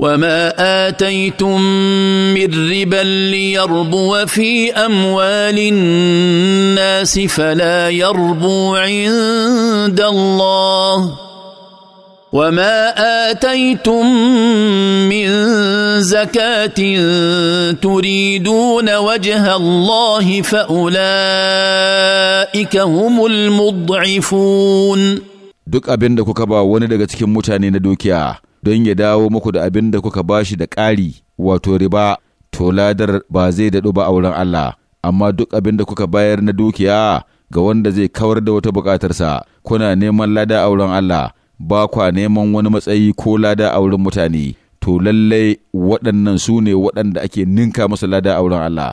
وما اتيتم من ربا ليربو في اموال الناس فلا يربو عند الله وما اتيتم من زكاه تريدون وجه الله فاولئك هم المضعفون duk abin da kuka ba wani don ya dawo muku da abin da kuka bashi da ƙari wato riba to ladar ba zai daɗu ba a wurin Allah amma duk abin da kuka bayar na dukiya ga wanda zai kawar da wata buƙatarsa kuna neman lada a wurin Allah ba kwa neman wani matsayi ko lada a wurin mutane to lallai waɗannan su ne waɗanda ake ninka musu lada a wurin Allah